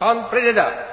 Pan prezident.